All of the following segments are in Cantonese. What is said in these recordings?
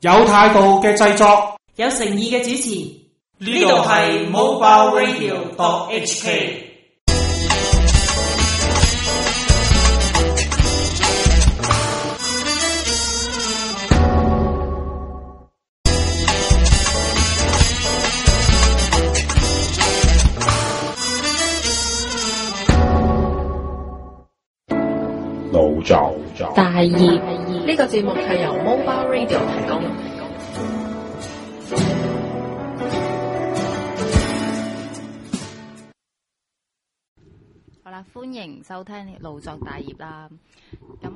有態度嘅製作，有誠意嘅主持，呢度係 Mobile Radio HK。腦作大業。呢個節目係由 Mobile Radio 提供。好啦，歡迎收聽《腦作大業》啦。咁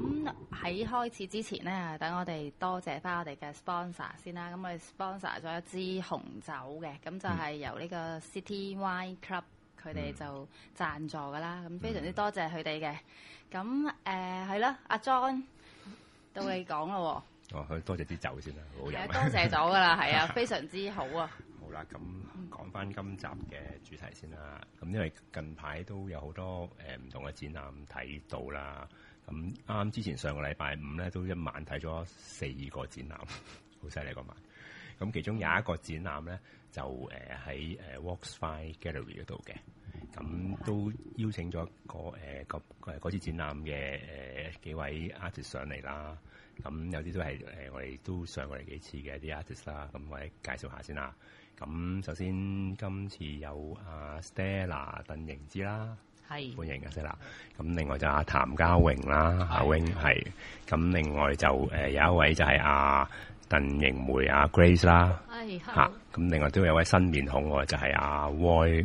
喺開始之前咧，等我哋多謝翻我哋嘅 sponsor 先啦。咁我哋 sponsor 咗一支紅酒嘅，咁就係由呢個 City Wine Club 佢哋就贊助噶啦。咁非常之多謝佢哋嘅。咁誒，係、呃、啦，阿 John。到你講啦喎！哦，佢多謝啲酒先啦，好、啊、多謝咗噶啦，係 啊，非常之好啊。好啦，咁、嗯、講翻今集嘅主題先啦。咁因為近排都有好多誒唔同嘅展覽睇到啦。咁啱啱之前上個禮拜五咧，都一晚睇咗四個展覽，好犀利個晚。咁其中有一個展覽咧，就誒喺誒 Voxfire Gallery 嗰度嘅。咁都邀請咗個誒嗰次展覽嘅誒幾位 artist 上嚟啦。咁有啲都係誒我哋都上過嚟幾次嘅啲 artist 啦。咁我哋介紹下先啦。咁首先，今次有阿 Stella 鄧瑩姿啦，係歡迎嘅 Stella。咁 St 另外就阿譚家榮啦，阿是、啊、榮係。咁另外就誒有一位就係阿鄧瑩梅阿 Grace 啦，嚇。咁另外都有位新面孔喎，就係阿 Roy。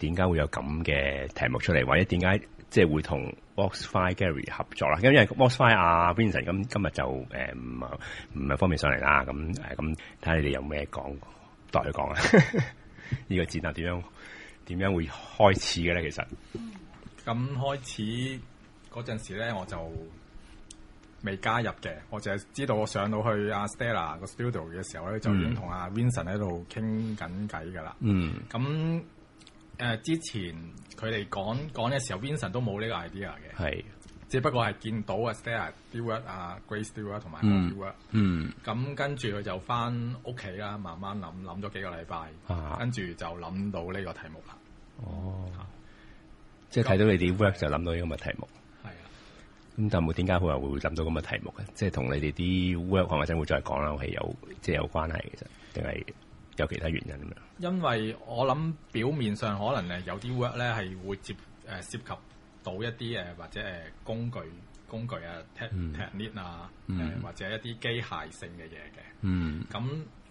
點解會有咁嘅題目出嚟？或者點解即係會同 Voxfire Gallery 合作啦？咁因為 Voxfire 阿、啊、Vincent 咁今日就誒唔啊唔係方便上嚟啦。咁誒咁睇下你哋有咩講代佢講啊？呢、這個展啊點樣點樣會開始嘅咧？其實咁、嗯嗯、開始嗰陣時咧，我就未加入嘅。我淨係知道我上到去阿 Stella 個 studio 嘅時候咧，就已經同阿 Vincent 喺度傾緊偈㗎啦。嗯，咁。誒、呃、之前佢哋講講嘅時候，Vincent 都冇呢個 idea 嘅，係的只不過係見到啊 Stella、Dewar 啊、Grace 同埋啲 work 嗯，咁、嗯、跟住佢就翻屋企啦，慢慢諗諗咗幾個禮拜，啊、跟住就諗到呢個題目啦。哦，啊、即係睇到你啲 work 就諗、是、到呢個咁嘅題目，係啊的。咁但係冇點解佢話會諗到咁嘅題目嘅？即係同你哋啲 work 或者真會再講啦，係有即係有關係嘅啫，定係？有其他原因咁樣，因為我諗表面上可能誒有啲 work 咧係會接誒、呃、涉及到一啲誒、呃、或者誒工具工具啊、嗯、technique 啊誒、嗯呃、或者一啲機械性嘅嘢嘅。嗯，咁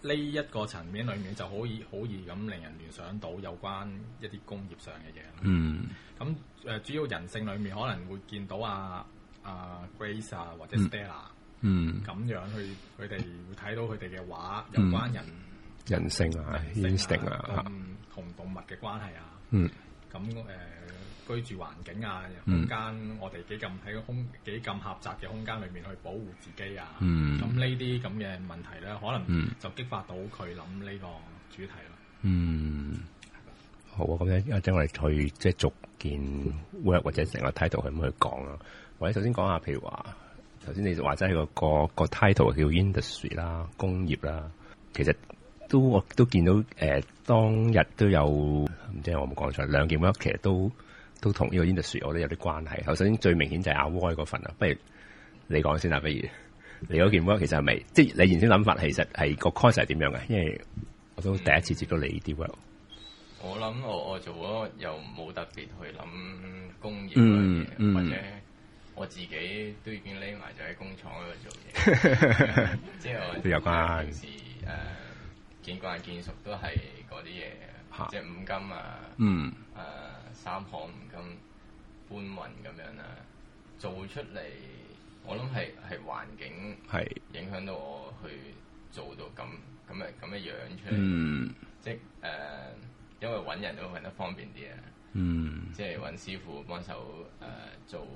呢一個層面裏面就可以好易咁令人聯想到有關一啲工業上嘅嘢啦。咁誒、嗯嗯嗯、主要人性裏面可能會見到啊啊 Grace 啊或者 Stella 嗯，咁、嗯嗯、樣去佢哋會睇到佢哋嘅畫有關人。人性啊，instinct 啊，同、啊、動物嘅關係啊，嗯，咁誒、呃、居住環境啊，空間、嗯、我哋幾咁喺個空幾咁狹窄嘅空間裏面去保護自己啊，嗯，咁呢啲咁嘅問題咧，可能就激發到佢諗呢個主題咯。嗯，好啊，咁咧，等陣我哋去即係逐件 work 或者成個 title 去去講啊。或者首先講下，譬如話，頭先你話齋、個、個、個 title 叫 industry 啦，工業啦，其實。都我都見到誒、呃，當日都有唔知係我冇講錯，兩件 work 其實都都同呢個 industry 我都有啲關係。首先最明顯就係阿 Y 嗰份啦，不如你講先啦。不如你嗰件 work 其實係咪即係你原先諗法其實係個 course 係點樣嘅？因為我都第一次接到你啲 work。我諗我我做咗又冇特別去諗工業、嗯嗯、或者我自己都已經匿埋就喺工廠嗰度做嘢，即係我都有關時誒。見慣見熟都係嗰啲嘢，哈即係五金啊，嗯，啊三行五金搬運咁樣啦、啊，做出嚟我諗係係環境係影響到我去做到咁咁嘅咁嘅樣，樣，樣，樣出嚟，嗯，即誒、呃，因為搵人都會搵得方便啲啊，嗯，即係搵師傅幫手誒做，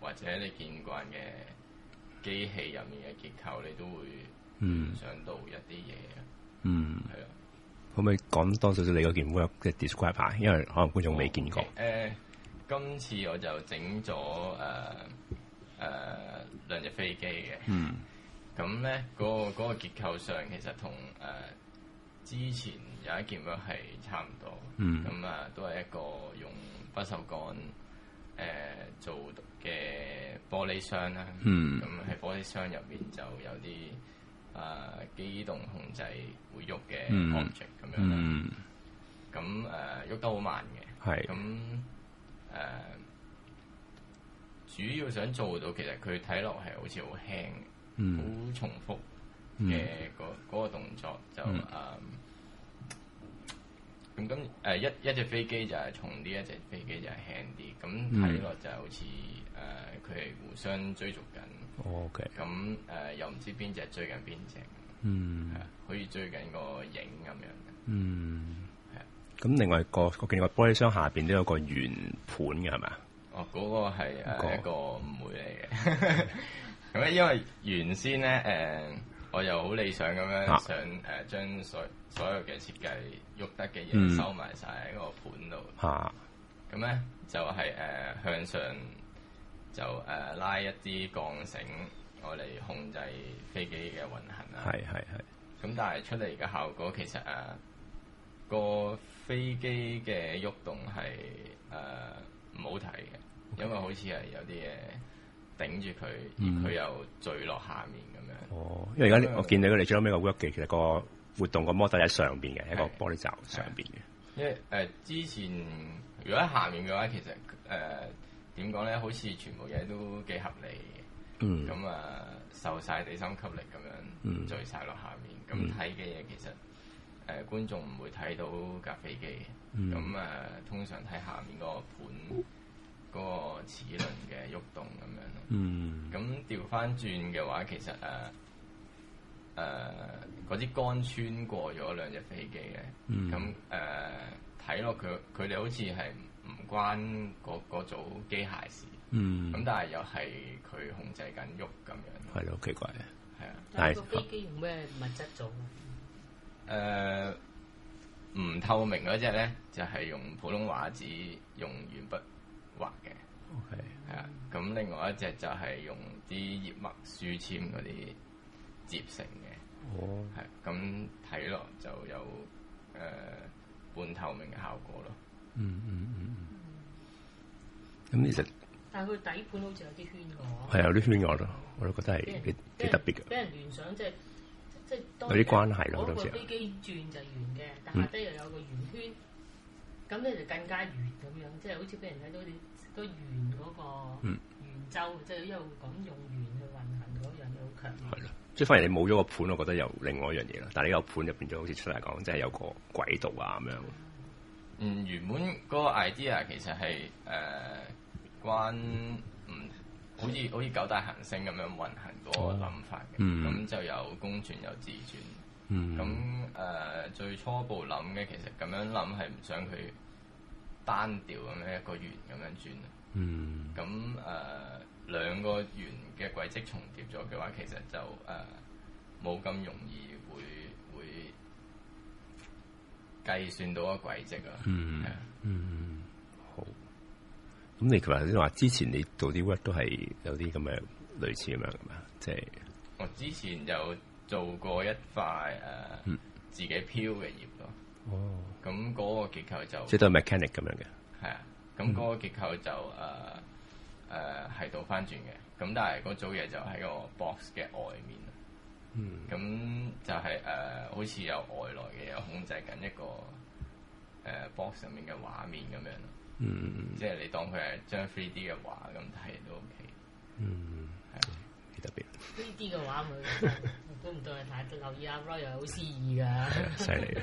或者你見慣嘅機器入面嘅結構，你都會想到一啲嘢、啊。嗯，係啊，可唔可以講多少少你嗰件 work 嘅 describe 下？因為可能觀眾未見過。誒、嗯 okay, 呃，今次我就整咗誒誒兩隻飛機嘅。嗯。咁咧，嗰個嗰個結構上其實同誒、呃、之前有一件都係差唔多。嗯。咁啊，都係一個用不鏽鋼誒做嘅玻璃箱啦。嗯。咁喺玻璃箱入面就有啲。誒、啊、機動控制會喐嘅 project 咁樣，咁誒喐得好慢嘅，咁誒是、啊、主要想做到其實佢睇落係好似好輕，好、嗯、重複嘅、那個嗰、嗯、個動作就誒。嗯嗯。咁咁誒一一隻飛機就係重啲，一隻飛機就係輕啲。咁睇落就好似誒佢哋互相追逐緊、哦。OK，咁誒、呃、又唔知邊隻追緊邊隻。嗯，係啊、呃，好似追緊個影咁樣嘅。嗯，係咁是另外個另外個見玻璃箱下邊都有個圓盤嘅係咪啊？哦，嗰、那個係一、那個、一個誤會嚟嘅。咁咧，因為原先咧誒。我又好理想咁樣想誒、啊呃，將所所有嘅設計喐得嘅嘢收埋晒喺個盤度。嚇、啊！咁咧就係、是、誒、呃、向上就，就、呃、誒拉一啲鋼繩，我嚟控制飛機嘅運行啦。係係係。咁但係出嚟嘅效果其實誒、啊、個飛機嘅喐動係誒唔好睇嘅，因為好似係有啲嘢。頂住佢，佢又墜落下面咁樣。哦，因為而家我見到佢哋、嗯、最屘個 work，其實個活動個 model 喺上邊嘅，喺是個玻璃罩上邊嘅。因為誒之前如果喺下面嘅話，其實誒點講咧，好似全部嘢都幾合理嘅、嗯嗯。嗯。咁啊，受晒地心吸力咁樣墜晒落下面。咁睇嘅嘢其實誒、呃、觀眾唔會睇到架飛機嘅。咁誒、嗯嗯嗯，通常睇下面個盤嗰個齒輪嘅喐動咁樣咯，咁調翻轉嘅話，其實誒誒嗰支桿穿過咗兩隻飛機嘅。咁誒睇落佢佢哋好似係唔關嗰嗰組機械事，咁、嗯、但係又係佢控制緊喐咁樣，係咯，奇怪嘅，係啊。但係飛機用咩物質做？誒唔透明嗰隻咧，就係、是、用普通畫紙，用鉛筆。畫嘅，OK，係啊，咁另外一隻就係用啲葉脈書籤嗰啲折成嘅。哦、oh.，係咁睇落就有誒、呃、半透明嘅效果咯、嗯。嗯嗯嗯咁其、嗯、實，但係佢底盤好似有啲圈嘅，係、嗯、有啲圈外咯，我都覺得係幾特別嘅。俾人聯想即係即係有啲關係咯，都好似飛機轉就圓嘅，但係下低又有個圓圈，咁咧就更加圓咁樣，即係好似俾人睇到好似個圓嗰個圓周，即係一路講用圓去運行嗰樣嘢好強。係咯，即係反而你冇咗個盤，我覺得又另外一樣嘢咯。但係你個盤入面就好似出嚟講，即係有個軌道啊咁樣。嗯，原本嗰個 idea 其實係誒、呃、關唔、嗯、好似好似九大行星咁樣運行嗰個諗法嘅，咁、嗯、就有公轉有自轉。咁誒、嗯呃，最初步諗嘅其實咁樣諗係唔想佢單調咁樣一個圓咁樣轉。嗯。咁誒、呃，兩個圓嘅軌跡重疊咗嘅話，其實就誒冇咁容易會會計算到個軌跡啊。嗯。係。嗯。好。咁你其實即係話之前你做啲 work 都係有啲咁嘅類似咁樣噶嘛？即係。我之前有。做過一塊誒、呃嗯、自己漂嘅葉咯，哦，咁嗰個結構就即係都係 mechanic 咁樣嘅，係啊，咁嗰個結構就誒誒係倒翻轉嘅，咁但係嗰組嘢就喺個 box 嘅外面嗯，咁就係、是、誒、呃、好似有外來嘅嘢控制緊一個誒 box 上面嘅畫面咁樣咯，嗯即係你當佢係將 three D 嘅畫咁睇都 OK，嗯。特別呢啲嘅話，佢估唔到對太留意。阿、啊、Roy 又係好詩意嘅，犀利。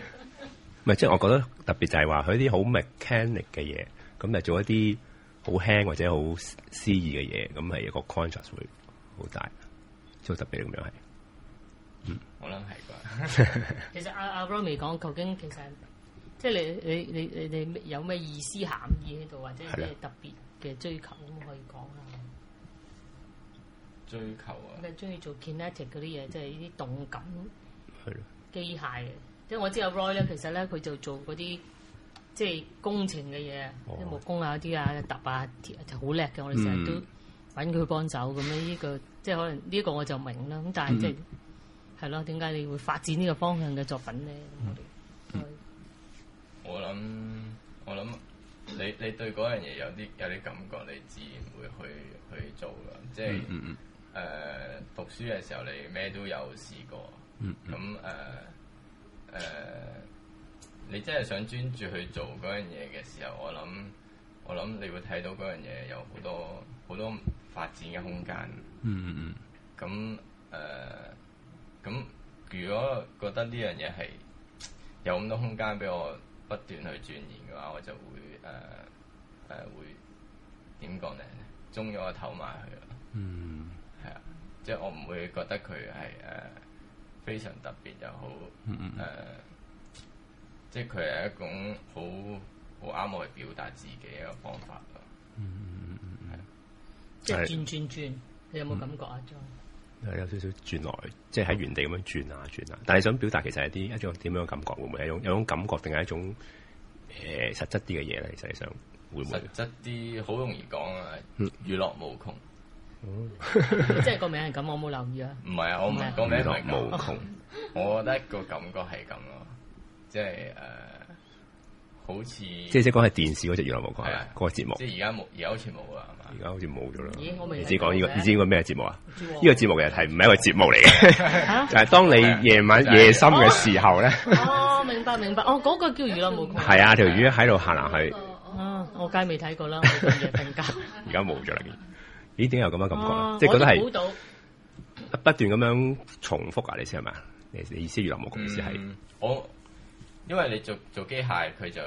唔係即係我覺得特別就係話佢啲好 mechanic 嘅嘢，咁就做一啲好輕或者好詩意嘅嘢，咁係一個 contrast 會好大，做特別咁樣係。嗯，我諗係啩。其實阿阿 Roy 未講，究竟其實即係你你你你你有咩意思涵義喺度，或者即係特別嘅追求，可可以講啊？追求啊！咁啊，中意做 kinetic 嗰啲嘢，即係呢啲動感的機械嘅。即係我知阿 Roy 咧，其實咧佢就做嗰啲即係工程嘅嘢，即啲木工啊啲啊、搭啊，就好叻嘅。我哋成日都揾佢幫手咁樣。呢個即係可能呢一個我就明啦。咁但係即係係咯，點解、嗯、你會發展呢個方向嘅作品咧？我諗、嗯、以我諗你你對嗰樣嘢有啲有啲感覺，你自然會去去做㗎。即係誒， 讀書嘅時候你咩都有試過，咁誒誒，hmm. 嗯嗯嗯、你真係想專注去做嗰樣嘢嘅時候，mm hmm. 我諗我諗你會睇到嗰樣嘢有好多好多發展嘅空間。嗯嗯咁誒，咁、呃、如果覺得呢樣嘢係有咁多空間俾我不斷去鑽研嘅話，我就會誒誒會點講咧？中咗個頭埋去啦。嗯、mm。Hmm. 即係我唔會覺得佢係誒非常特別又好，誒、嗯嗯呃，即係佢係一種好好啱我去表達自己一個方法咯。即係轉轉轉，你有冇感覺啊，嗯？有少少轉來即係喺原地咁樣轉啊轉啊。但係想表達，其實係啲一種點樣感覺？會唔會係一種有種感覺，定係一種誒實質啲嘅嘢咧？其實係想會唔會？實質啲好容易講啊，娛樂無窮。嗯即係個名係咁，我冇留意啊。唔係啊，我唔係個名無窮。我覺得個感覺係咁咯，即係誒，好似即係即係講係電視嗰隻娛樂無窮啦，個節目。即係而家冇，而家好似冇啦，係嘛？而家好似冇咗啦。咦？我未知講呢個，你知應該咩節目啊？呢個節目其實係唔係一個節目嚟嘅，就係當你夜晚夜深嘅時候咧。哦，明白明白。哦，嗰個叫娛樂無窮。係啊，條魚喺度行行去。啊，我梗係未睇過啦，冇嘢評價。而家冇咗啦。咦？點有咁嘅感覺、啊、即係覺得係不斷咁樣重複啊？你知係嘛？你意思娛樂木工意思係？嗯、我因為你做做機械，佢就誒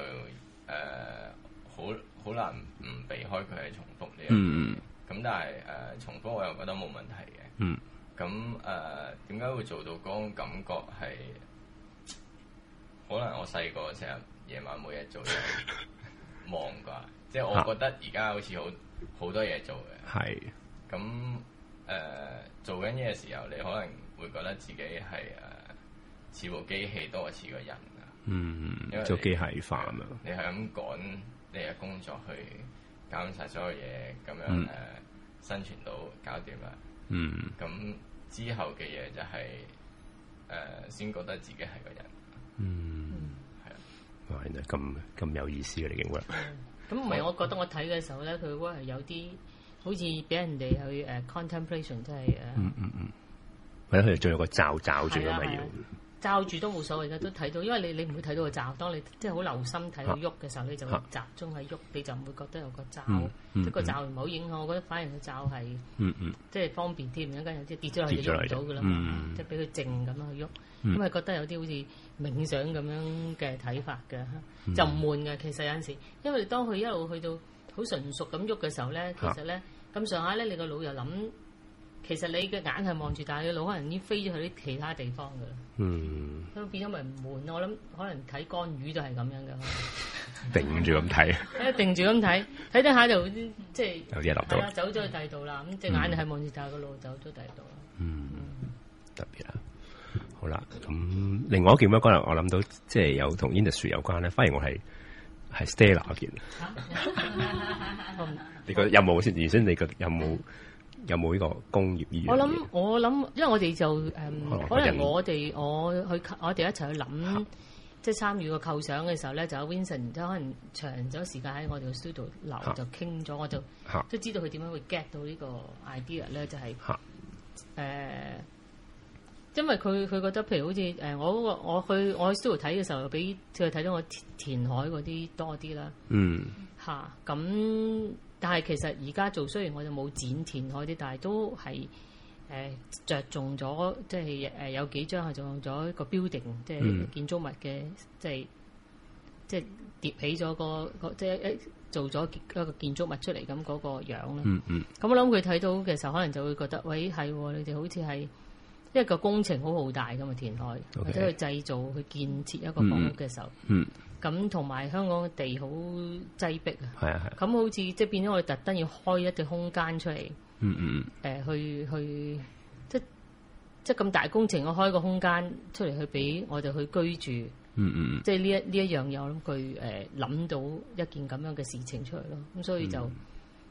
好好難唔避開佢係重複嘅。嗯嗯。咁但係誒、呃、重複我又覺得冇問題嘅。嗯。咁誒，點、呃、解會做到嗰種感覺係？可能我細個成日夜晚每日做嘢，忙啩。即係我覺得而家好似好好多嘢做嘅，係咁誒做緊嘢嘅時候，你可能會覺得自己係誒似部機器多過似個人啊。嗯，做機械化啊嘛。你係咁趕你嘅工作去搞曬所有嘢，咁樣誒、嗯呃、生存到搞掂啦。嗯，咁之後嘅嘢就係、是、誒、呃、先覺得自己係個人、啊。嗯，係啊、嗯，原來咁咁有意思嘅，你認為？咁唔係，我覺得我睇嘅時候咧，佢係有啲好似俾人哋去誒 contemplation 即係誒。嗯嗯，或者佢哋仲有個罩罩住咁啊要。罩住都冇所謂嘅，都睇到，因為你你唔會睇到個罩。當你即係好留心睇佢喐嘅時候，你就集中喺喐，你就唔會覺得有個罩。即個罩唔好影響，我覺得反而個罩係。即係方便添，唔應該有啲跌咗落去喐到㗎啦。即係俾佢靜咁樣去喐。嗯。因為覺得有啲好似。冥想咁樣嘅睇法嘅，就唔悶嘅。其實有陣時，因為當佢一路去到好純熟咁喐嘅時候咧，其實咧咁上下咧，你個腦又諗，其實你嘅眼係望住，但係個腦可能已經飛咗去啲其他地方嘅啦。嗯，咁變咗咪唔悶？我諗可能睇乾魚就係咁樣嘅。定住咁睇。定住咁睇，睇得下就即係。有走咗去第二度啦，咁隻眼係望住，但係個腦走咗第二度。嗯，特別啊！好啦，咁、嗯、另外一件咩？可能我諗到即係有同 industry 有關咧，反而我係係 Stella 嗰件。你覺得有冇先？原先 你覺得有冇有冇呢個工業意？我諗我諗，因為我哋就誒，嗯、可能我哋、嗯、我去我哋一齊去諗，即係參與個構想嘅時候咧，就阿 Winson 即係可能長咗時間喺我哋 studio 留就傾咗，我就即係知道佢點樣會 get 到呢個 idea 咧、就是，就係誒。啊因為佢佢覺得，譬如好似誒，我嗰個我去我去 studio 睇嘅時候，比佢睇到我填海嗰啲多啲啦、嗯啊。嗯。嚇，咁但係其實而家做雖然我哋冇剪填海啲，但係都係誒着重咗，即係誒有幾張係着重咗一個 building，即係建築物嘅，即係即係疊起咗、嗰個即係一做咗一個建築物出嚟咁嗰個樣啦。嗯嗯。咁我諗佢睇到嘅時候，可能就會覺得，喂係你哋好似係。因為個工程好浩大嘅嘛，填海 Okay. 或者去製造、去建設一個房屋嘅時候，咁同埋香港地好擠迫啊。係啊係。咁 好似即係變咗，我哋特登要開一隻空間出嚟。嗯嗯嗯。誒，去去即係即係咁大工程，我開個空間出嚟去俾我哋去居住。嗯嗯、mm。Hmm. 即係呢一呢一樣嘢，我諗佢誒諗到一件咁樣嘅事情出嚟咯。咁、嗯、所以就誒、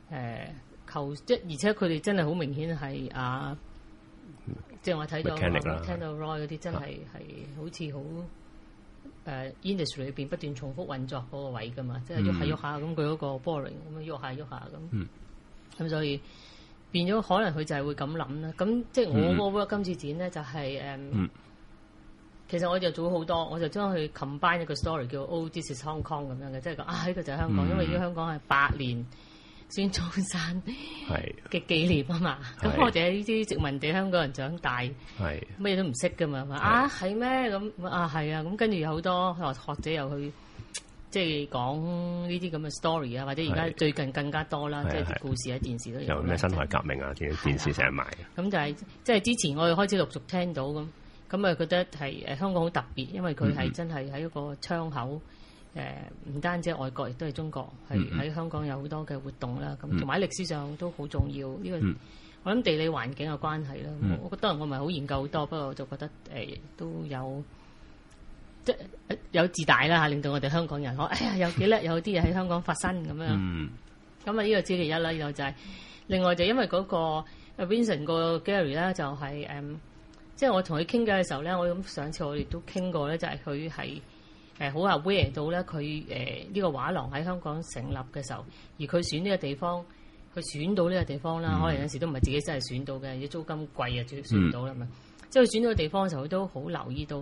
呃、求，即而且佢哋真係好明顯係啊！即係我睇到，我聽到 Roy 嗰啲真係係好似好誒 industry 裏邊不斷重複運作嗰個位噶嘛，即係咁喐下咁，佢嗰個 boring 咁樣喐下喐下咁，咁、嗯、所以變咗可能佢就係會咁諗啦。咁即係我嗰波今次展咧就係、是、誒，um, 嗯、其實我就做好多，我就將佢 combine 一個 story 叫 All This is Hong Kong 咁樣嘅，即係講啊呢、呢個就係香港，嗯、因為而家香港係八年。孫中山嘅紀念啊嘛，咁我哋呢啲殖民地香港人長大，咩都唔識噶嘛，啊係咩咁啊係啊，咁跟住好多，學者又去即係講呢啲咁嘅 story 啊，或者而家最近更加多啦，即係啲故事喺電視都有。有咩辛亥革命啊？啲電視成日賣。咁就係即係之前我哋開始陸續聽到咁，咁咪覺得係誒香港好特別，因為佢係真係喺一個窗口。誒唔、呃、單止外國，亦都係中國，係喺香港有好多嘅活動啦。咁同埋歷史上都好重要。呢、這個、嗯、我諗地理環境嘅關係啦。嗯、我覺得我咪好研究好多，不過我就覺得誒、呃、都有即係有自大啦嚇，令到我哋香港人可哎呀有幾叻，有啲嘢喺香港發生咁樣。咁啊呢個係其一啦，然後就係另外就因為嗰個 Vincent 個 Gary 咧、就是嗯，就係誒即係我同佢傾偈嘅時候咧，我咁上次我哋都傾過咧，就係佢係。誒好、嗯嗯、話 w e a r 到咧，佢誒呢個畫廊喺香港成立嘅時候，而佢選呢個地方，佢選到呢個地方啦。可能有時都唔係自己真係選到嘅，要租金貴啊，先、嗯、選到啦。咁即係佢選到個地方嘅時候，佢都好留意到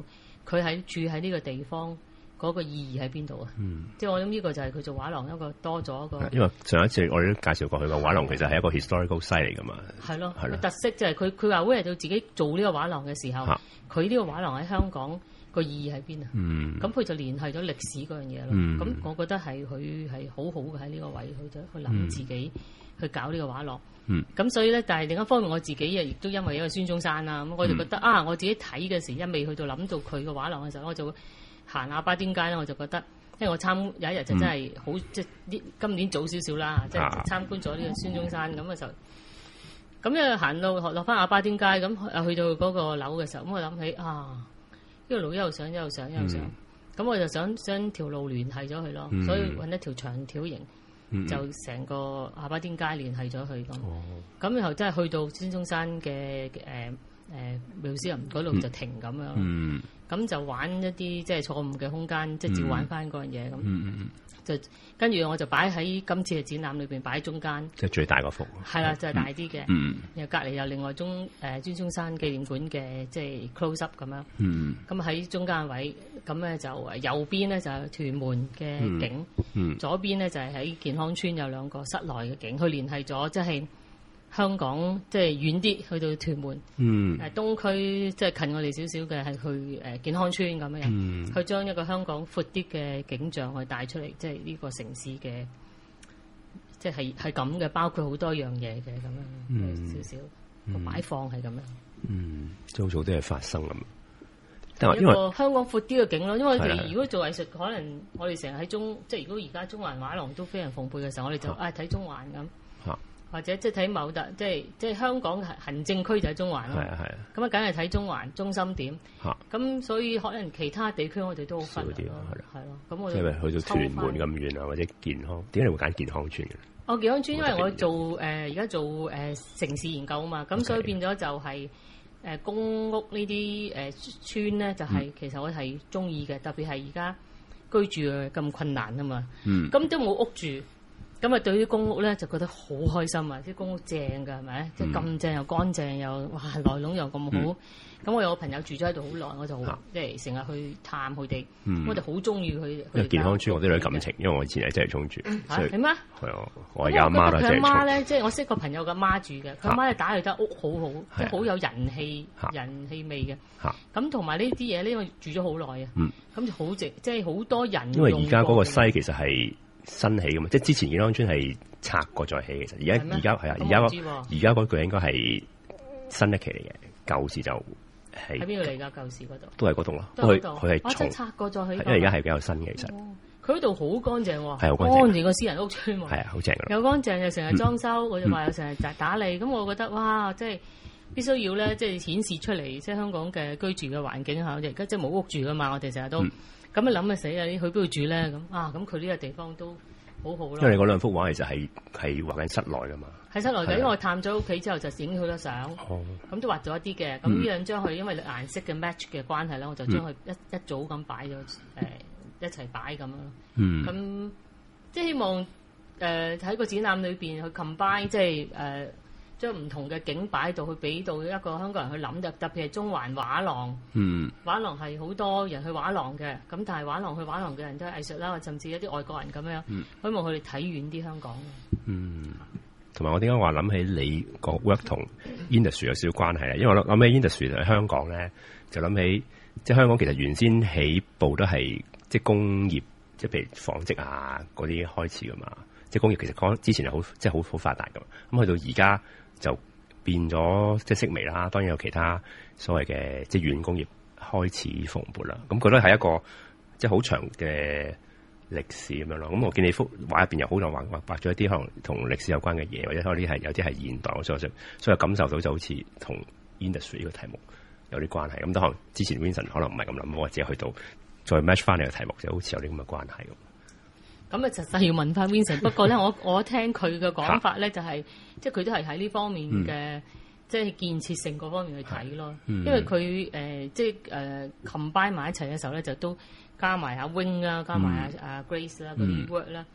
佢喺住喺呢個地方嗰個意義喺邊度啊。即係、嗯、我諗呢個就係佢做畫廊一個多咗一個。因為上一次我哋都介紹過佢個畫廊，其實係一個 historical site 嚟噶嘛。係咯的，係咯。特色就係佢佢話 w e a r 到自己做呢個畫廊嘅時候，佢呢的個畫廊喺香港。個意義喺邊啊？咁佢、嗯、就聯繫咗歷史嗰樣嘢咯。咁、嗯、我覺得係佢係好好嘅喺呢個位，去咗去諗自己去搞呢個畫廊。咁、嗯、所以咧，但係另一方面，我自己亦都因為一個孫中山啦、啊，咁我就覺得、嗯、啊，我自己睇嘅時，一未去到諗到佢個畫廊嘅時候，我就會行亞巴甸街咧，我就覺得，因為我參有一日就真係好，嗯、即係今年早少少啦，即係、啊、參觀咗呢個孫中山咁嘅時候，咁因為行到落翻亞巴甸街，咁去到嗰個樓嘅時候，咁我諗起啊～因為路一路上一路上一路上，咁、嗯、我就想想條路聯繫咗佢咯，嗯、所以揾一條長條形，嗯、就成個阿巴甸街聯繫咗佢咁，咁、哦、然後真係去到孫中山嘅誒。呃誒，紐西蘭嗰度就停咁樣，咁、嗯、就玩一啲即係錯誤嘅空間，即係照玩翻嗰樣嘢咁，嗯、就跟住我就擺喺今次嘅展覽裏邊擺喺中間，即係最大嗰幅，係啦，就係、是、大啲嘅，嗯嗯、然後隔離有另外中誒孫、呃、中山紀念館嘅即係、就是、close up 咁樣，咁喺、嗯、中間位，咁咧就右邊咧就係屯門嘅景，嗯嗯、左邊咧就係、是、喺健康村有兩個室內嘅景，佢聯繫咗即係。就是就是香港即係遠啲，去到屯門。嗯。誒、呃、東區即係近我哋少少嘅，係去誒、呃、健康村咁樣。嗯。去將一個香港闊啲嘅景象去帶出嚟，即係呢個城市嘅，即係係咁嘅，包括好多樣嘢嘅咁樣、嗯嗯、少少擺放係咁樣。嗯，早早都係發生咁。因為香港闊啲嘅景咯，因為其實如果做藝術，可能我哋成日喺中，即係如果而家中環畫廊都非常奉陪嘅時候，我哋就誒睇、啊、中環咁。或者即係睇某特，即係即係香港行政區就係中環咯。係啊係啊。咁啊，梗係睇中環中心點。嚇哈！咁所以可能其他地區我哋都少啲咯，係咯。咁、啊啊啊、我即係去到屯門咁遠啊，或者健康？點解你會揀健康村嘅？哦健康村，啊、村因為我做誒而家做誒、呃呃、城市研究啊嘛，咁所以變咗就係、是、誒 Okay.、呃、公屋、呃、呢啲誒村咧，就係其實我係中意嘅，特別係而家居住咁困難啊嘛。咁都冇屋住。嗯。咁啊，對於公屋咧，就覺得好開心啊！啲公屋正㗎，係咪？即係咁正又乾淨又，哇！內籠又咁好。咁我有個朋友住咗喺度好耐，我就即係成日去探佢哋。我哋好中意佢哋。因為健康村我都有感情，因為我以前係真係住住。嚇點係我我係阿媽佢阿媽咧，即係我識個朋友嘅媽住嘅。佢媽咧打理得屋好好，即係好有人氣、人氣味嘅。嚇咁同埋呢啲嘢，呢個住咗好耐啊。咁就好直。即係好多人用。因為而家嗰個西其實係。新起嘅嘛，即係之前健康村係拆過再起嘅，其實而家而家係啊，而家而家嗰句應該係新一期嚟嘅，舊時就喺邊度嚟㗎？舊時嗰度都係嗰棟咯，都係佢係拆過再起，因為而家係比較新嘅，其實佢嗰度好乾淨喎，乾淨個私人屋村喎，係啊，好正，啊。有乾淨就成日裝修，我就話又成日打打理，咁我覺得哇，即係必須要咧，即係顯示出嚟，即係香港嘅居住嘅環境下我哋而家即係冇屋住㗎嘛，我哋成日都。咁咪諗咪死啊！你去邊度住咧？咁啊，咁佢呢個地方都好好咯。因為嗰兩幅畫其實係係畫緊室內噶嘛。喺室內嘅，的因為我探咗屋企之後，就影好多相。好、哦。咁都畫咗一啲嘅。咁呢兩張佢因為顏色嘅 match 嘅關係咧，我就將佢一一早咁擺咗誒一齊擺咁樣咯。嗯。咁、呃嗯、即係希望誒喺、呃、個展覽裏邊去 combine，即係誒。呃將唔同嘅景擺喺度，去俾到一個香港人去諗嘅，特別係中環畫廊。嗯，畫廊係好多人去畫廊嘅，咁但係畫廊去畫廊嘅人都係藝術啦，甚至一啲外國人咁樣。嗯，希望佢哋睇遠啲香港。嗯，同埋我點解話諗起你個 work 同 industry 有少少關係咧？因為我諗起 industry 喺香港咧，就諗起即係香港其實原先起步都係即係工業，即係譬如紡織啊嗰啲開始噶嘛。即係工業其實講之前係好即係好好發達噶嘛，咁去到而家。就變咗即係式微啦，當然有其他所謂嘅即係遠工業開始蓬勃啦。咁、嗯、佢都係一個即係好長嘅歷史咁樣咯。咁、嗯、我見你幅畫入邊有好多畫畫，畫咗一啲可能同歷史有關嘅嘢，或者可能啲係有啲係現代。所以我所，所以我感受到就好似同 industry 呢個題目有啲關係。咁、嗯、都可能之前 Vincent 可能唔係咁諗，我只係去到再 match 翻你嘅題目，就好似有啲咁嘅關係咁。咁啊，實際要問返 Vincent，不過咧，我我聽佢嘅講法咧，就係、是、即係佢都係喺呢方面嘅、嗯、即係建設性嗰方面去睇咯。嗯、因為佢誒、呃、即係誒 combine 埋一齊嘅時候咧，就都加埋阿 Wing 啊 ace,、嗯，加埋阿阿 Grace 啦嗰啲 work 啦、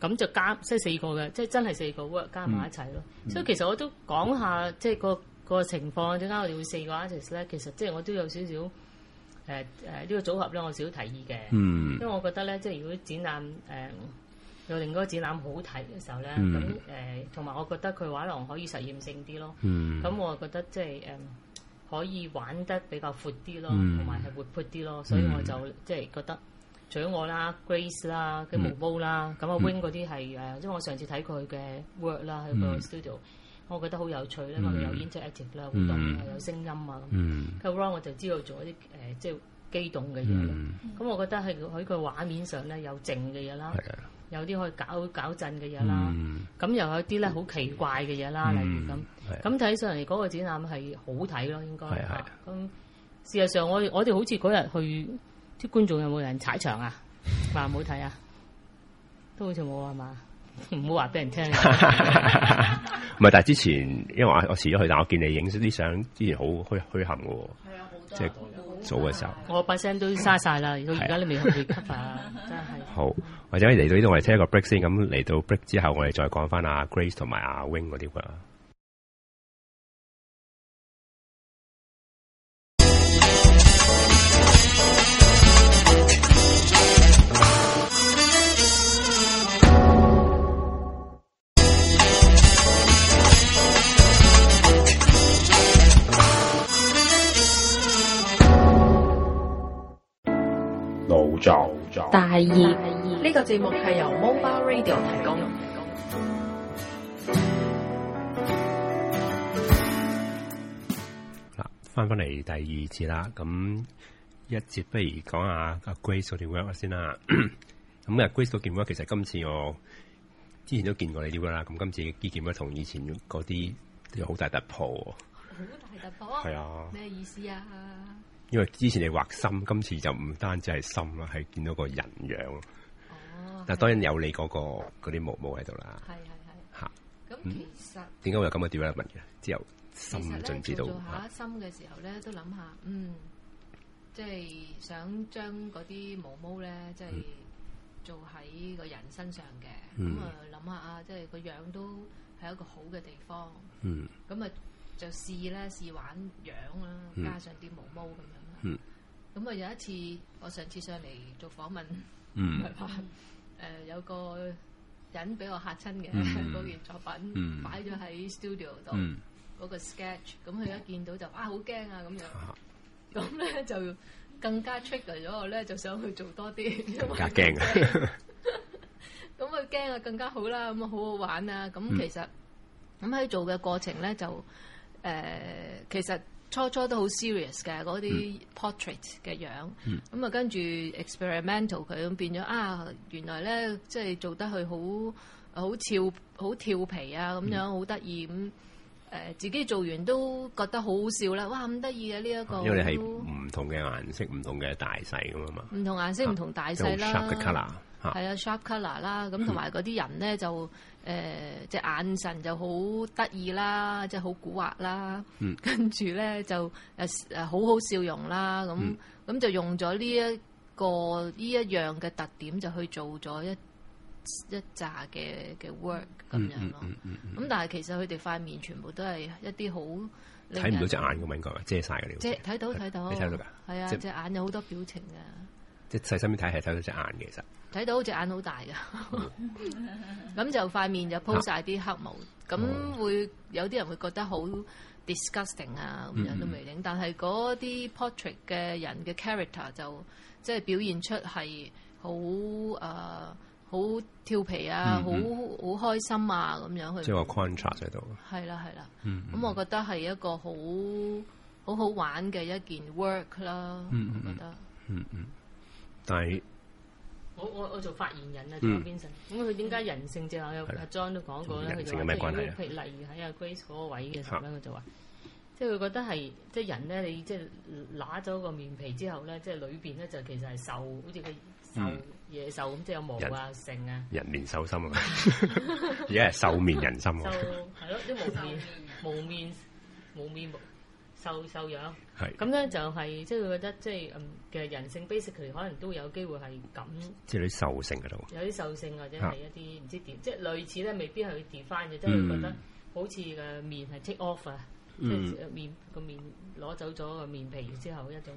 嗯，咁就加即係四個嘅，即係真係四個 work 加埋一齊咯。嗯嗯、所以其實我都講下即係個個情況點解我哋會四個 artist 咧，其實即係我都有少少。誒誒呢個組合咧，我少提議嘅，因為我覺得咧，即係如果展覽誒又令嗰個展覽好睇嘅時候咧，咁誒同埋我覺得佢畫廊可以實驗性啲咯，咁、嗯嗯、我覺得即係誒可以玩得比較闊啲咯，同埋係活潑啲咯，所以我就、嗯嗯、即係覺得除咗我啦，Grace 啦，跟毛煲啦，咁阿 Wing 嗰啲係誒，因為我上次睇佢嘅 Work 啦喺個 Studio。我覺得好有趣咧，因為有 interactive 啦，好多、嗯、有聲音啊，咁。個 run 我就知道做一啲誒即係機動嘅嘢。咁我覺得喺喺個畫面上咧有靜嘅嘢啦，的有啲可以搞搞震嘅嘢啦。咁的又有啲咧好奇怪嘅嘢啦，例如咁。咁睇的上嚟嗰個展覽係好睇咯，應該。咁事實上我我哋好似嗰日去啲觀眾有冇人踩場啊？話唔好睇啊？都好似冇係嘛？唔好話俾人聽。唔係， 但係之前因為我我遲咗去，但我見你影啲相，之前好虛虛冚嘅喎。啊，即係早嘅時候。我把聲都嘥晒啦，到而家都未開始吸啊， 真係。好，或者嚟到呢度，我哋聽一個 break 先。咁嚟到 break 之後，我哋再講翻阿 Grace 同埋阿 Wing 嗰啲啊。大二呢二個節目係由 Mobile Radio 提供。嗱、嗯，翻翻嚟第二節啦，咁一節不如講下、啊、Grace 嗰件 work 先啦。咁啊、 嗯、，Grace 嗰件 work 其實今次我之前都見過你啲啦，咁今次啲 work 同以前嗰啲都有好大突破。好大突破。係啊，咩、啊啊、意思啊？因為之前你畫心，今次就唔單止係心啦，係見到個人樣。哦！但當然有你嗰、嗰個嗰啲毛毛喺度啦。係係係。嚇！咁、嗯、其實點解會有咁嘅 development 嘅？即由心進知道。其實咧，做，做下心嘅時候咧，都諗下，嗯，即、就、係、是、想將嗰啲毛毛咧，即、就、係、是、做喺個人身上嘅。咁啊諗下啊，即係個樣都係一個好嘅地方。嗯。咁啊，就試啦，試玩樣啦，加上啲毛毛咁。嗯，咁啊有一次，我上次上嚟做訪問，嗯，係嘛？誒，有個人俾我嚇親嘅嗰件作品，擺咗喺 studio 度，嗰個 sketch。咁佢一見到就啊，好驚啊！咁樣，咁咧就更加 trigger 咗我咧，就想去做多啲。更加驚啊！咁佢驚啊，更加好啦！咁啊好好玩啊！咁其實，咁喺做嘅過程咧，就誒，其實。初初都好 serious 嘅嗰啲 portrait 嘅樣，咁啊跟、嗯、住 experimental 佢咁變咗啊，原來咧即係做得佢好好俏好調皮啊咁樣好得意咁，誒自己做完都覺得好好笑啦！哇咁得意啊，呢、這、一個，因為你係唔同嘅顏色、唔同嘅大細咁啊嘛，唔同顏色、唔、啊、同大細啦，sharp color 係啊，啊，sharp color 啦、啊，咁同埋嗰啲人咧就。誒、呃，隻眼神就好得意啦，即係好古惑啦，嗯、跟住咧就誒誒好好笑容啦，咁咁、嗯、就用咗呢一個呢一、嗯、樣嘅特點就去做咗一一扎嘅嘅 work 咁樣咯。咁、嗯嗯嗯嗯、但係其實佢哋塊面全部都係一啲好睇唔到隻眼嘅感覺，遮晒嘅呢個。你即係睇到睇到，睇到㗎？係是啊，隻即眼有好多表情㗎。細心啲睇係睇到隻眼其實睇到隻眼好大㗎。咁 就塊面就鋪晒啲黑毛，咁、啊、會有啲人會覺得好 disgusting 啊，咁、嗯嗯、樣都未定。但係嗰啲 portrait 嘅人嘅 character 就即係、就是、表現出係好誒好調皮啊，好好、嗯嗯、開心啊，咁樣去。即係話 contrast 喺度。係啦，係啦。咁我覺得係一個好好好玩嘅一件 work 啦。嗯嗯我覺得，嗯嗯。嗯。但係我我我做發言人啊，做編審。咁佢點解人性？即係阿阿 John 都講過咧，佢就即係譬例如喺阿 Grace 嗰個位嘅時候咧，就話即係佢覺得係即係人咧，你即係拉咗個面皮之後咧，即係裏邊咧就其實係獸，好似個獸野獸咁，即係有毛啊，性啊，人面獸心啊嘛，而家係獸面人心啊，係咯，都冇面，冇面，冇面。瘦瘦樣係咁咧，就係即係佢覺得即係嘅人性，basically 可能都有機會係咁。即係啲獸性嘅都有啲獸性，或者係一啲唔知點，即係類似咧，未必係佢 define 嘅。即係佢覺得好似嘅面係 take off 啊，即係面個面攞走咗個面皮之後，一種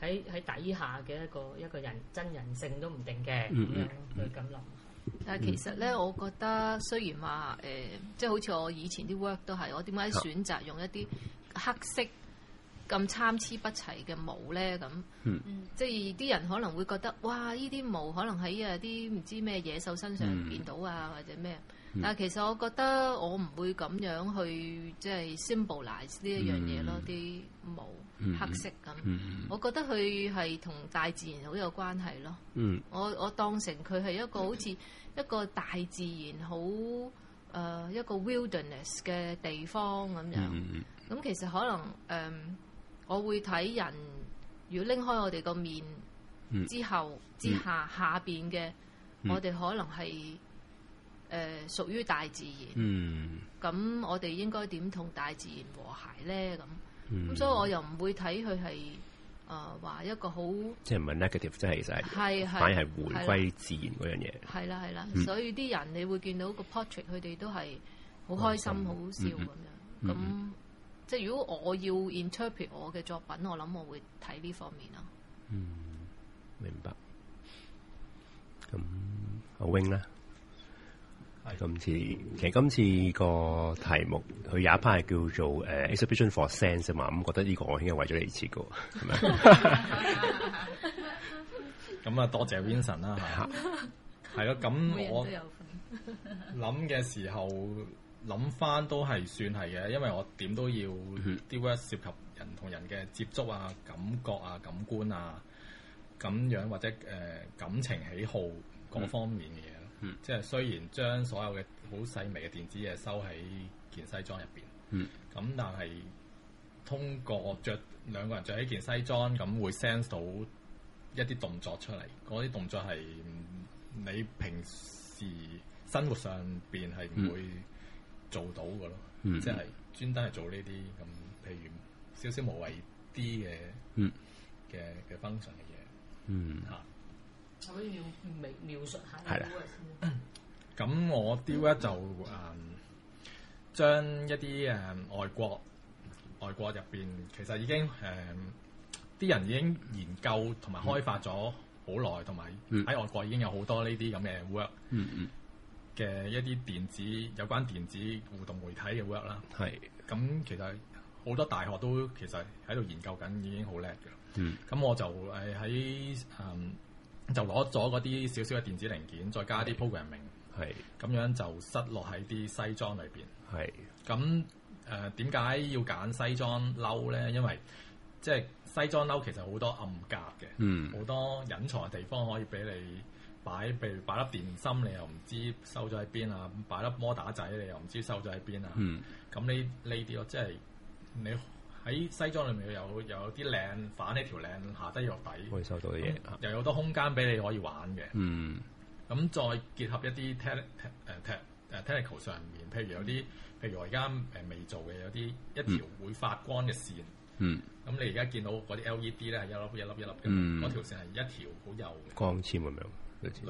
喺喺底下嘅一個一個人真人性都唔定嘅咁樣去咁諗。但係其實咧，我覺得雖然話誒，即係好似我以前啲 work 都係我點解選擇用一啲。黑色咁參差不齊嘅毛咧，咁，嗯、即係啲人可能會覺得，哇！呢啲毛可能喺啊啲唔知咩野獸身上見到啊，嗯、或者咩？嗯、但係其實我覺得我唔會咁樣去即係 symbolize 呢一樣嘢咯，啲、嗯、毛、嗯、黑色咁，嗯、我覺得佢係同大自然好有關係咯。嗯、我我當成佢係一個好似一個大自然好。誒、呃、一個 wilderness 嘅地方咁樣，咁、mm hmm. 其實可能誒、呃、我會睇人，如果拎開我哋個面之後之下、mm hmm. 下邊嘅，我哋可能係誒屬於大自然。咁、mm hmm. 我哋應該點同大自然和諧咧？咁咁、mm hmm. 所以我又唔會睇佢係。誒話、呃、一個好，即係唔係 negative，即係其實係反而係迴歸自然嗰樣嘢。係啦，係啦，嗯、所以啲人你會見到個 portrait，佢哋都係好開心、心好笑咁樣。咁即係如果我要 interpret 我嘅作品，我諗我會睇呢方面咯。嗯，明白。咁、嗯、阿 wing 咧？係今次，其實今次個題目佢有一 part 係叫做誒、呃、Exhibition for Sense 啊嘛，咁覺得呢個我應該為咗你而設嘅，咁啊多謝 Vincent 啦嚇，係咯，咁我諗嘅時候諗翻都係算係嘅，因為我點都要啲 word 涉及人同人嘅接觸啊、感覺啊、感官啊，咁樣或者誒、呃、感情喜好各方面嘅嘢。嗯嗯，即係雖然將所有嘅好細微嘅電子嘢收喺件西裝入邊，嗯，咁但係通過着兩個人着一件西裝，咁會 sense 到一啲動作出嚟，嗰啲動作係你平時生活上邊係唔會做到嘅咯，即係專登係做呢啲咁，譬如少少無謂啲嘅，嗯，嘅嘅 function 嘅嘢，嗯，吓、嗯。就可以描描描述下嗰個，咁我啲咧就誒將、呃、一啲誒、呃、外國外國入邊其實已經誒啲、呃、人已經研究同埋開發咗好耐，同埋喺外國已經有好多呢啲咁嘅 work，嘅一啲電子有關電子互動媒體嘅 work 啦。係咁的，其實好多大學都其實喺度研究緊，已經好叻嘅。嗯，咁我就係喺誒。呃就攞咗嗰啲少少嘅電子零件，再加啲 programming，係咁是樣就失落喺啲西裝裏邊。係咁誒？點解、呃、要揀西裝褸咧？因為即係、即係、西裝褸其實好多暗格嘅，嗯，好多隱藏嘅地方可以俾你擺，譬如擺粒電芯，你又唔知收咗喺邊啊；擺粒摩打仔，你又唔知收咗喺邊啊。嗯，咁呢呢啲咯，即係你。你即係你喺西裝裏面有有啲靚反呢條靚下低又抵，可以收到啲嘢，又有多空間俾你可以玩嘅。嗯，咁再結合一啲踢踢誒踢誒踢球上面，譬如有啲，譬如我而家誒未做嘅，有啲一條會發光嘅線。嗯，咁你而家見到嗰啲 LED 咧係一粒一粒一粒嘅，嗰條線係一條好幼嘅光纖咁樣，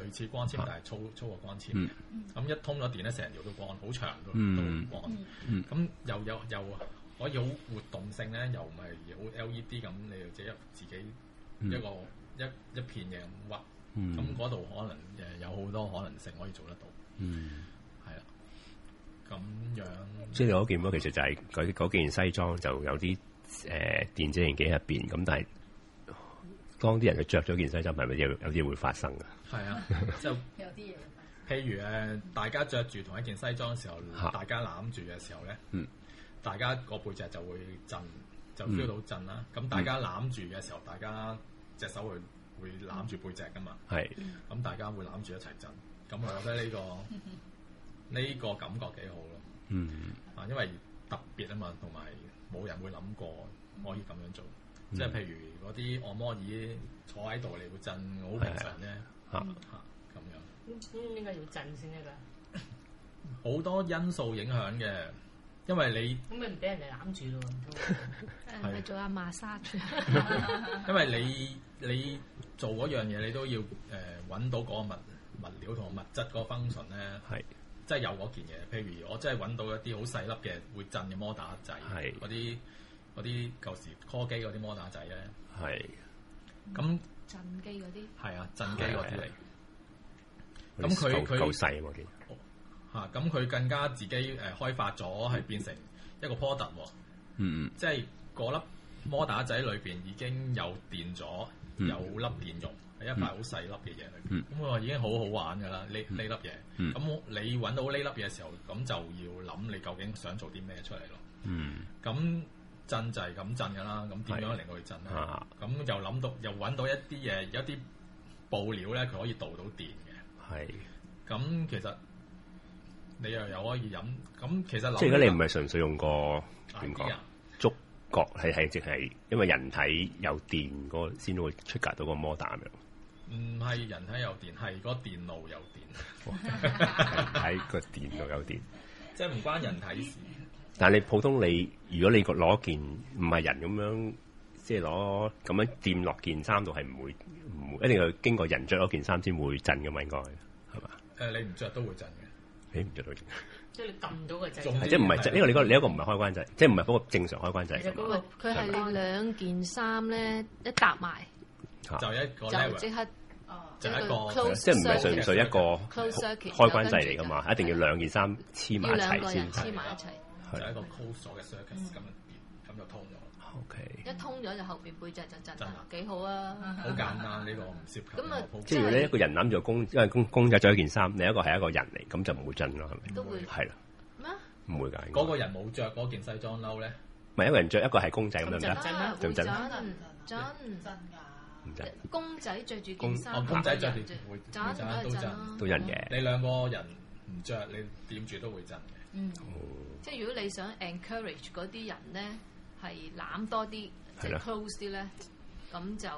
類似光纖但係粗粗嘅光纖。咁一通咗電咧，成條都光好長都都光。咁又有又。我有活動性咧，又唔係好 LED 咁，你又自己一個一、嗯、一片嘅咁畫，咁嗰度可能誒有好多可能性可以做得到。嗯，係啦，咁樣即係我見到其實就係、是、嗰件西裝就有啲誒、呃、電子元件入邊，咁但係當啲人去著咗件西裝，係咪有有啲會發生㗎？係啊、嗯， 就有啲嘢，譬如誒，大家着住同一件西裝嘅時候，大家攬住嘅時候咧，嗯。大家個背脊就會震，就 feel 到震啦。咁、嗯、大家攬住嘅時候，大家隻手會會攬住背脊㗎嘛。係、嗯，咁大家會攬住一齊震。咁我、嗯、覺得呢、呢個呢 個感覺幾好咯。嗯啊，因為特別啊嘛，同埋冇人會諗過可以咁樣做。即係、嗯、譬如嗰啲按摩椅坐喺度你會震，好平常啫。嚇嚇咁樣。咁咁點解要震先得㗎？好 多因素影響嘅。因為你咁咪唔俾人哋攬住咯，係 做 massage 因為你你做嗰樣嘢，你都要誒揾，呃、到嗰個物物料同個物質嗰 function 咧，係即係有嗰件嘢。譬如我真係揾到一啲好細粒嘅會震嘅摩打仔，係嗰啲啲舊時 call 機嗰啲摩打仔咧，係咁是那震機嗰啲係啊，震機嗰啲嚟。咁佢佢好細啊嘛，其實。啊！咁佢更加自己誒開發咗，係變成一個 product 嗯，即係個粒摩打仔裏邊已經有電咗，有粒電容，係一塊好細粒嘅嘢嚟。嗯，咁佢已經好好玩㗎啦。呢呢粒嘢，咁你揾到呢粒嘢嘅時候，咁就要諗你究竟想做啲咩出嚟咯。嗯，咁震就係咁震㗎啦。咁點樣嚟去震咧？咁又諗到，又揾到一啲嘢，有一啲布料咧，佢可以導到電嘅。係，咁其實。你又又可以飲，咁，其實即係而家你唔係純粹用個點講，觸覺係係淨係因為人體有電嗰個先會出格到個摩打咁樣。唔係人體有電，係個電路有電。喺哇 個電路有電，即係唔關人體事。但係你普通你如果你攞件唔係人咁樣，即係攞咁樣掂落件衫度係唔會，唔會一定要經過人着嗰件衫先會震嘅，應該係嘛？誒、啊、你唔着都會震嘅。誒唔做到嘅，即係你撳到個掣，即係唔係即係呢個你個你一個唔係開關掣，即係唔係嗰個正常開關掣。佢係兩件衫咧，一搭埋，就一個 lever 即刻哦，就一個，即係唔係純粹一個開關掣嚟㗎嘛？一定要兩件衫黐埋一齊先，黐埋一齊，就一個 close 嘅 circuit 咁咁就通咗。O K，一通咗就後邊背脊就震，幾好啊！好簡單，呢個唔涉及。咁啊，即係你一個人攬住公，因為公公仔着一件衫，另一個係一個人嚟，咁就唔會震咯，係咪？都會係啦。咩？唔會噶，嗰個人冇着嗰件西裝褸咧，咪一個人着一個係公仔咁樣啦，就震真真真噶，公仔着住件衫。哦，公仔着住會震都震都震嘅。你兩個人唔着，你掂住都會震嘅。嗯，即係如果你想 encourage 嗰啲人咧。係攬多啲，即係 close 啲咧，咁就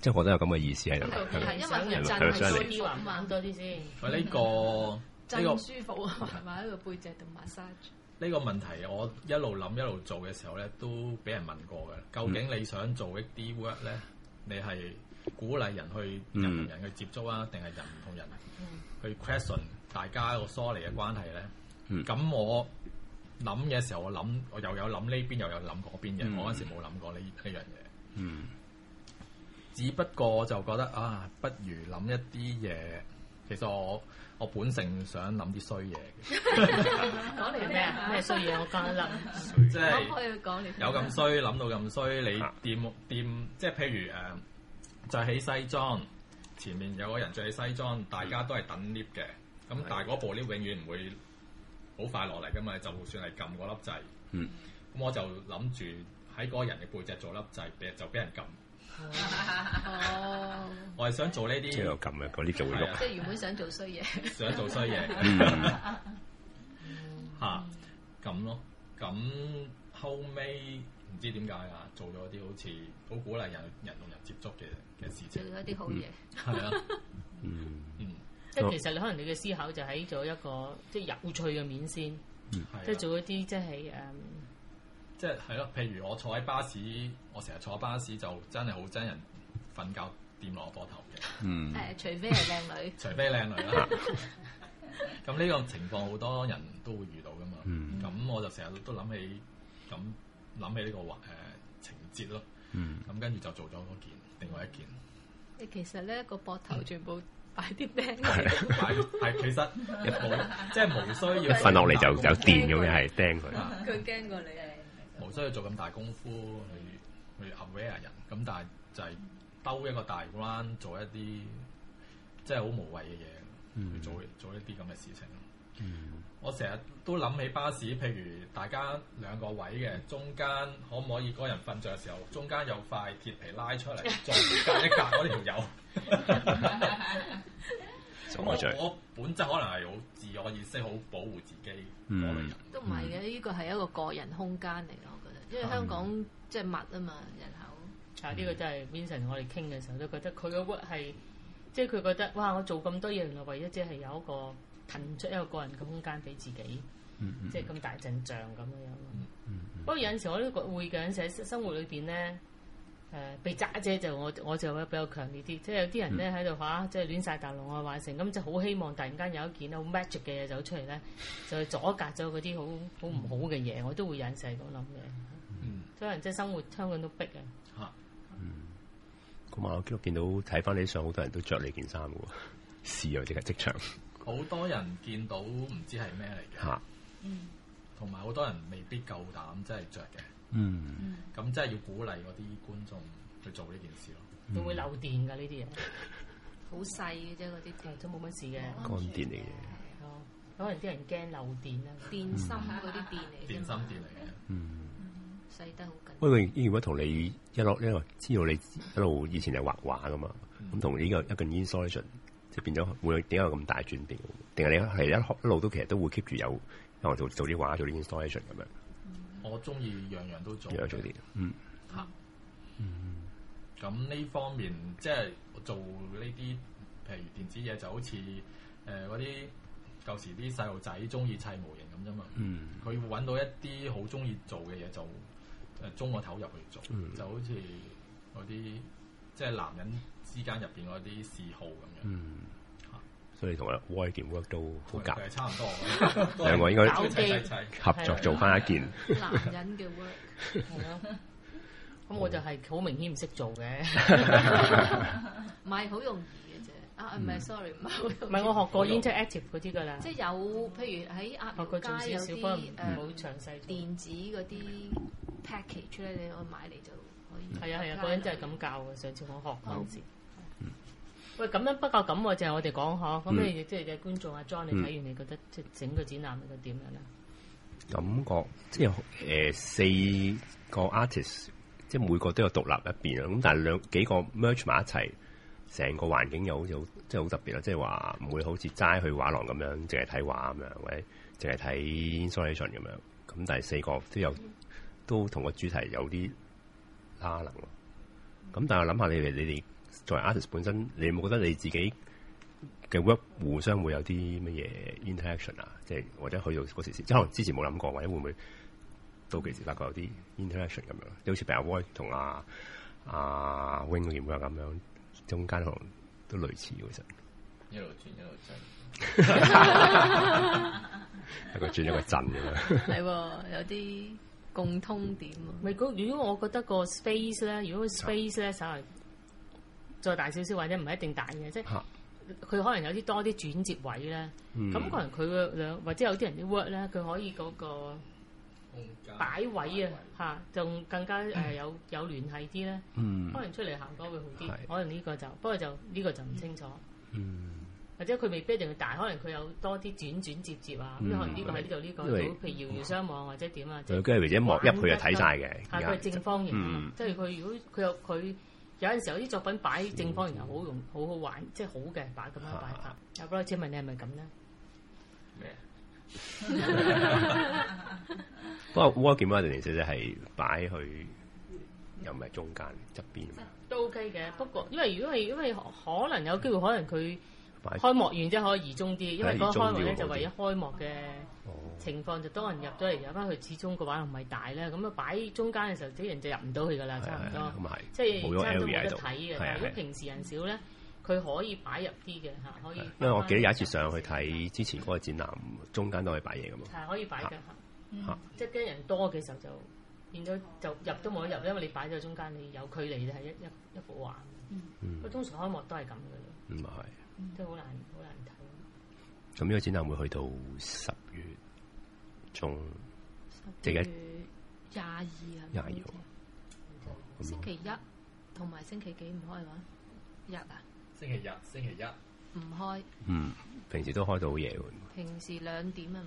即係我覺得有咁嘅意思係啦。係因為人真係需要啲，玩多啲先。呢個真係好舒服啊！埋喺個背脊度 massage。呢個問題我一路諗一路做嘅時候咧，都俾人問過嘅。究竟你想做一啲 work 咧？你係鼓勵人去人同人去接觸啊，定係人唔同人去 question 大家個疏離嘅關係咧？咁我，諗嘅時候，我諗我又有諗呢邊，又有諗嗰邊嘅。我嗰時冇諗過呢呢樣嘢。嗯，這個、嗯只不過就覺得啊，不如諗一啲嘢。其實我我本性想諗啲衰嘢。講嚟咩？咩衰嘢？我講諗衰即係可以講有咁衰諗到咁衰，你掂掂，即係譬如誒，着、呃、起西裝，前面有個人着起西裝，大家都係等 lift 嘅。咁但係部 lift 永遠唔會。好快落嚟噶嘛，就算係撳嗰粒掣，咁、嗯、我就諗住喺嗰人嘅背脊做粒掣，俾就俾人撳。啊哦、我係想做呢啲。即係撳嘅啲就會、啊、即係原本想做衰嘢。 想做衰嘢。嚇、嗯，咁咯、 嗯，咁後尾唔知點解啊，做咗啲好似好鼓勵人人同人接觸嘅嘅事情。做咗一啲好嘢。係、嗯、啊。嗯 嗯。嗯即係其實你可能你嘅思考就喺做一個即係、就是、有趣嘅面先，即係、嗯、做一啲、就是嗯嗯、即係誒，即係係咯。譬如我坐喺巴士，我成日坐巴士就真係好憎人瞓覺掂落我膊頭嘅，誒、嗯、除非係靚女，除非靚女啦。咁呢 個情況好多人都會遇到噶嘛。咁、嗯、我就成日都諗起，咁諗起呢、呢個環誒、呃、情節咯。咁跟住就做咗嗰件，另外一件。你、嗯、其實咧個膊頭全部。買啲釘，嘅，係 其實即係無需要瞓落嚟就有電咁樣，係釘佢，佢驚過你，係無需要做咁大功夫去去 aware 人咁，但係就係兜一個大 round 做一啲即係好無謂嘅嘢，去、嗯嗯、做做一啲咁嘅事情。嗯，我成日都諗起巴士，譬如大家兩個位嘅中間，可唔可以嗰人瞓着嘅時候，中間有塊鐵皮拉出嚟，再隔一隔嗰條友。我本質可能係好自我意識，好保護自己人嗯。嗯，都唔係嘅，呢個係一個個人空間嚟，我覺得，因為香港即係密啊嘛，嗯、人口。啊、嗯，呢個真係 Vincent，我哋傾嘅時候都覺得佢嘅 work 係，即係佢覺得哇，我做咁多嘢，原來唯一即係有一個。騰出一個個人嘅空間俾自己，嗯嗯，即係咁大陣仗咁樣樣。嗯嗯，不過有陣時我都會嘅，有時喺生活裏邊咧，誒、呃、被砸啫，就我我就會比較強烈啲。即係有啲人咧喺度嚇，即係亂晒大龍啊，萬盛咁就好希望突然間有一件好 magic 嘅嘢走出嚟咧，就係阻隔咗嗰啲好好唔好嘅嘢。我都會有陣時係咁諗嘅。所以人即係生活，香港都逼啊嚇。嗯，咁我見到睇翻你啲相，好多人都着呢件衫嘅喎，仕遊定係職場？好多人見到唔知係咩嚟嘅，嗯，同埋好多人未必夠膽真係着嘅，嗯，咁真係要鼓勵嗰啲觀眾去做呢件事咯。會會漏電㗎呢啲嘢，好細嘅啫，嗰啲其實都冇乜事嘅，乾電嚟嘅，可能啲人驚漏電啊，電芯嗰啲電嚟，電芯電嚟嘅，細得好緊。喂，如果同你一落呢個，知道你一路以前係畫畫㗎嘛，咁同呢個一個 installation 就變咗會點解有咁大轉變？定係你係一一路都其實都會 keep 住有，可能做做啲畫，做啲 installation 咁樣。我中意樣樣都做，樣樣做啲。嗯，吓、啊，嗯，咁呢方面即係我做呢啲，譬如電子嘢，就好似誒嗰啲舊時啲細路仔中意砌模型咁啫嘛。嗯，佢會揾到一啲好中意做嘅嘢，就誒中個頭入去做。嗯、就好似嗰啲即係男人。之間入邊嗰啲嗜好咁樣，嗯，所以同我 work work 都好夾，係差唔多，係兩個應該合作做翻一件。男人嘅 work 係咯，咁我就係好明顯唔識做嘅，唔係好容易嘅啫。唔係，sorry，唔係。我學過 interactive 嗰啲㗎啦，即係有，譬如喺亞方加好詳細誒電子嗰啲 package 咧，你我買嚟就可以。係啊係啊，嗰人真係咁教嘅。上次我學文字。喂，咁樣不過咁喎，就係我哋講嗬。咁你即係嘅觀眾阿 John，你睇完你覺得即係整個展覽你覺得點樣咧？感覺即係誒、呃、四個 artist，即係每個都有獨立一邊啊。咁但係兩幾個 merge 埋一齊，成個環境又好似好，即係好特別咯。即係話唔會好似齋去畫廊咁樣，淨係睇畫咁樣，或者淨係睇 installation 咁樣。咁但係四個都有都同個主題有啲拉褦。咁但係我諗下你哋你哋。作為 artist 本身，你有冇覺得你自己嘅 work 互相會有啲乜嘢 interaction 啊？即係或者去到嗰時即可能之前冇諗過，或者會唔會到幾時發覺有啲 interaction 咁樣？你好似 Benoit 同阿阿 Wing 會唔會咁樣？中間可能都類似其實一路轉一路震，一個轉一個震咁樣。 係喎，有啲共通點啊。咪 如果我覺得個 space 咧，如果個 space 咧稍係。再大少少或者唔係一定大嘅，即係佢可能有啲多啲轉折位咧，咁可能佢兩或者有啲人啲 work 咧，佢可以嗰個擺位啊，嚇仲更加誒有有聯繫啲咧，可能出嚟行多會好啲。可能呢個就不過就呢個就唔清楚。或者佢未必一定要大，可能佢有多啲轉轉接接啊。咁可能呢個喺呢度呢個，譬如遙遙相望或者點啊，即係或者望入佢就睇晒嘅。佢係正方形，即係佢如果佢有佢。有陣時候啲作品擺正方形，又好用，好好玩，嗯、即係好嘅擺咁樣擺法。有哥、啊，請問你係咪咁咧？咩？不過 War Game 嗰啲形式係擺去又唔係中間側、嗯、邊都 OK 嘅。不過因為如果係因為可能有機會，可能佢。嗯開幕完之後可以移中啲，因為嗰個開幕咧就為咗開幕嘅情況，就多人入咗嚟入翻去，始終個畫唔係大咧。咁啊，擺中間嘅時候，啲人就入唔到去噶啦，差唔多。咁啊係，即係冇得睇嘅。如果平時人少咧，佢可以擺入啲嘅嚇，可以。因為我記得有一次上去睇之前嗰個展覽，中間都係擺嘢噶嘛。係可以擺嘅嚇，即係驚人多嘅時候就變咗就入都冇得入，因為你擺咗中間，你有距離嘅係一一幅畫。佢通常開幕都係咁嘅。嗯，係。都好難，好難睇。咁呢個展覽會去到十月，仲十月廿二係咪？廿二，星期一同埋星期幾唔開話？日啊？星期日，星期一唔開。嗯，平時都開到好夜嘅。平時兩點係嘛？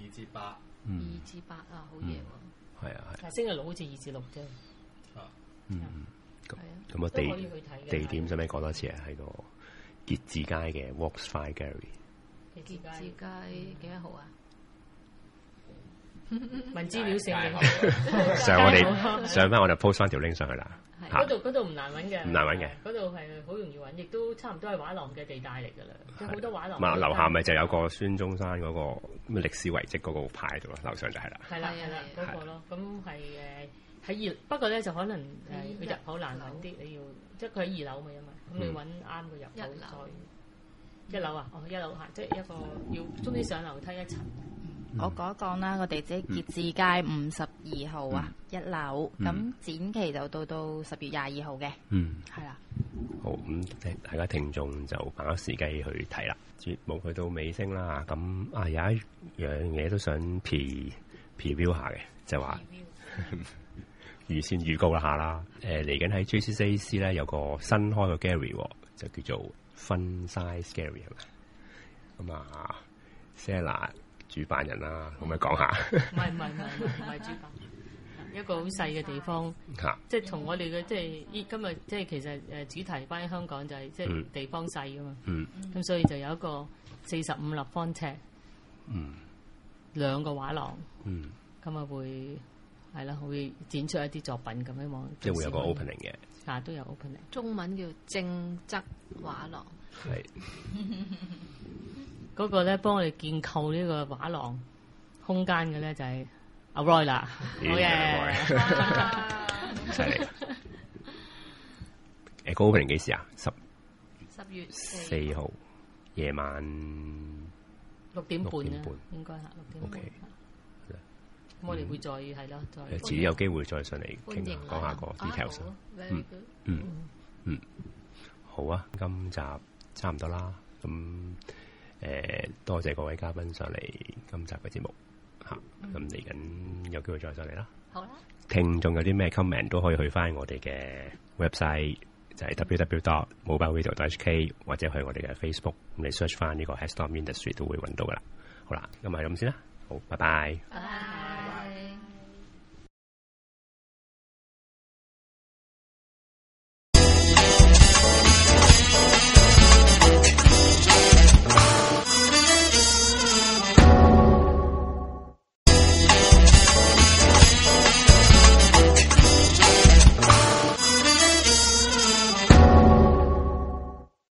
二至八，二至八啊，好夜喎。係啊係。星期六好似二至六啫。啊，嗯，係啊。可以去睇。地點使唔使講多次啊？喺度。結志街嘅 Voxfire Gallery，結志街幾多號啊？文資料性嘅，上我哋上翻我哋 post 翻條 link 上去啦。嗰度度唔難揾嘅，唔難揾嘅。嗰度係好容易揾，亦都差唔多係畫廊嘅地帶嚟噶啦，即好多畫廊。嘛，樓下咪就有個孫中山嗰個咩歷史遺跡嗰個牌度啊，樓上就係啦。係啦係啦，嗰個咯，咁係誒。喺二不過咧，就可能誒，佢入口難揾啲，嗯、你要即係佢喺二樓嘛，因嘛，咁你揾啱佢入口再、嗯、一樓啊？哦，一樓嚇，即、就、係、是、一個要終於上樓梯一層。嗯、我講一講啦，個地址傑志街五十二號啊，一、嗯、樓咁展期就，就到到十月廿二號嘅，嗯，係啦。好咁，大家聽眾就把握時機去睇啦，節目去到尾聲啦，咁啊有一樣嘢都想皮撇表下嘅，就話、是。預先預告一下啦，誒嚟緊喺 JCCAC 咧有個新開個 gallery 就叫做 Fun Size Gallery 嘛。咁啊，Sara 主辦人啦、啊，可唔可以講下？唔係唔係唔係唔係主辦人， 一個好細嘅地方嚇是、嗯。即係同我哋嘅即係今日即係其實誒主題關於香港就係、是、即係地方細啊嘛。咁、嗯嗯、所以就有一個四十五立方尺，嗯，兩個畫廊，嗯，咁啊、嗯嗯、會。係啦，會展出一啲作品咁樣望，即係會有個 opening 嘅。啊，都有 opening，中文叫正則畫廊。係，嗰個咧幫我哋建構個呢個畫廊空間嘅咧就係、是、阿 Roy 啦，yeah, 好嘅，犀利。誒，opening 幾時啊？十十 月四號夜晚六點半啊，半應該係六點。我哋會再係咯，再遲啲有機會再上嚟傾，講下個 details，嗯，嗯好啊，今集差唔多啦。咁誒，多謝各位嘉賓上嚟今集嘅節目嚇。咁嚟緊有機會再上嚟咯。好啦，聽眾有啲咩 comment 都可以去翻我哋嘅 website，就係 www.mobaradio.hk，或者去我哋嘅 Facebook，咁你 search 翻呢個 headstone industry 都會揾到噶啦。好啦，咁咪咁先啦。好，拜拜。好啦。